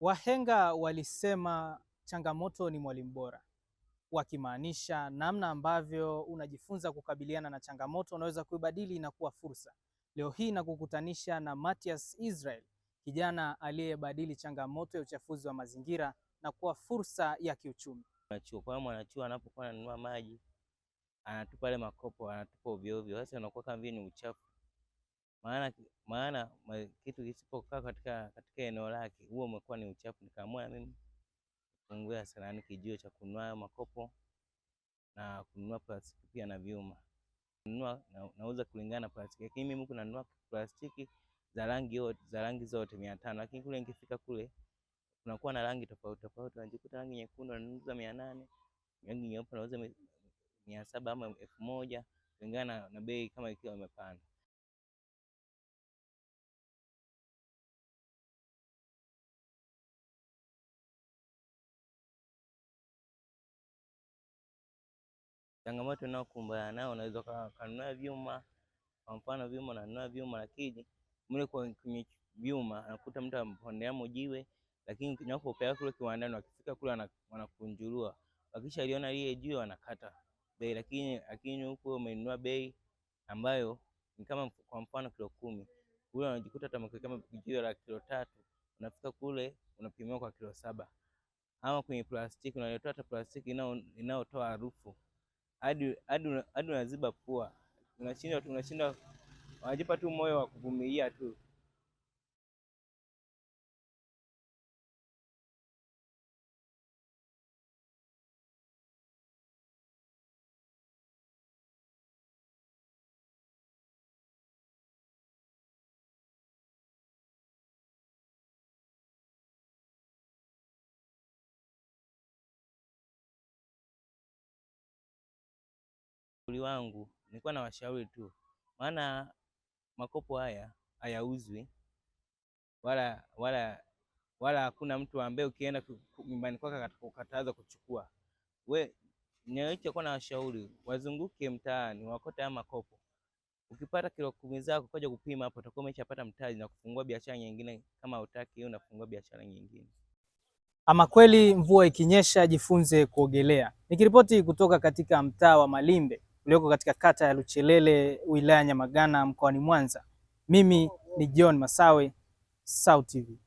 Wahenga walisema changamoto ni mwalimu bora, wakimaanisha namna ambavyo unajifunza kukabiliana na changamoto unaweza kuibadili na kuwa fursa. Leo hii nakukutanisha na Matias Israel, kijana aliyebadili changamoto ya uchafuzi wa mazingira na kuwa fursa ya kiuchumi. Mwanachuo kwa mwanachuo anapokuwa ananunua maji anatupa yale makopo, anatupa ovyo ovyo, sasa unakuwa kama vile ni uchafu maana, maana ma, kitu kisipokaa katika, katika eneo lake huo umekuwa ni uchafu. Nikaamua mimi kupunguza sana ni yaani kijio cha kununua makopo na kununua plastiki pia na vyuma nunua, na, nauza kulingana na plastiki, lakini mimi huku nanunua plastiki za rangi yote za rangi zote mia tano, lakini kule nikifika kule kunakuwa na rangi tofauti tofauti, najikuta rangi nyekundu nauza mia nane, rangi nyeupe nauza mia saba ama elfu moja kulingana na bei kama ikiwa imepanda. changamoto inayokumbana nayo, unaweza kununua vyuma, kwa mfano vyuma, nanunua vyuma, lakini mle kwenye vyuma anakuta mtu amepondeamo mjiwe, lakini unapopeleka kule kiwandani, wakifika kule wanakunjulua, wakisha aliona lile jiwe wanakata bei, lakini lakini huko umenunua bei ambayo ni kama kwa mfano kilo kumi kule unajikuta tamaki kama jiwe la kilo tatu, unafika kule unapimiwa kwa kilo saba. Ama kwenye plastiki unaletewa hata plastiki inayotoa harufu hadi hadi unaziba pua, unashinda, tu moyo wa kuvumilia tu. ushauri wangu nilikuwa na washauri tu, maana makopo haya hayauzwi wala wala wala hakuna mtu ambaye ukienda nyumbani kwake ukataza kuchukua. We nilichokuwa na washauri wazunguke mtaani wakote haya makopo, ukipata kilo kumi zako kaja kupima hapo, utakuwa umeshapata mtaji na kufungua biashara nyingine. Kama utaki hiyo, unafungua biashara nyingine. Ama kweli, mvua ikinyesha jifunze kuogelea. Nikiripoti kutoka katika mtaa wa Malimbe ulioko katika kata ya Luchelele wilaya ya Nyamagana mkoani Mwanza. Mimi ni John Masawe, SAUT TV.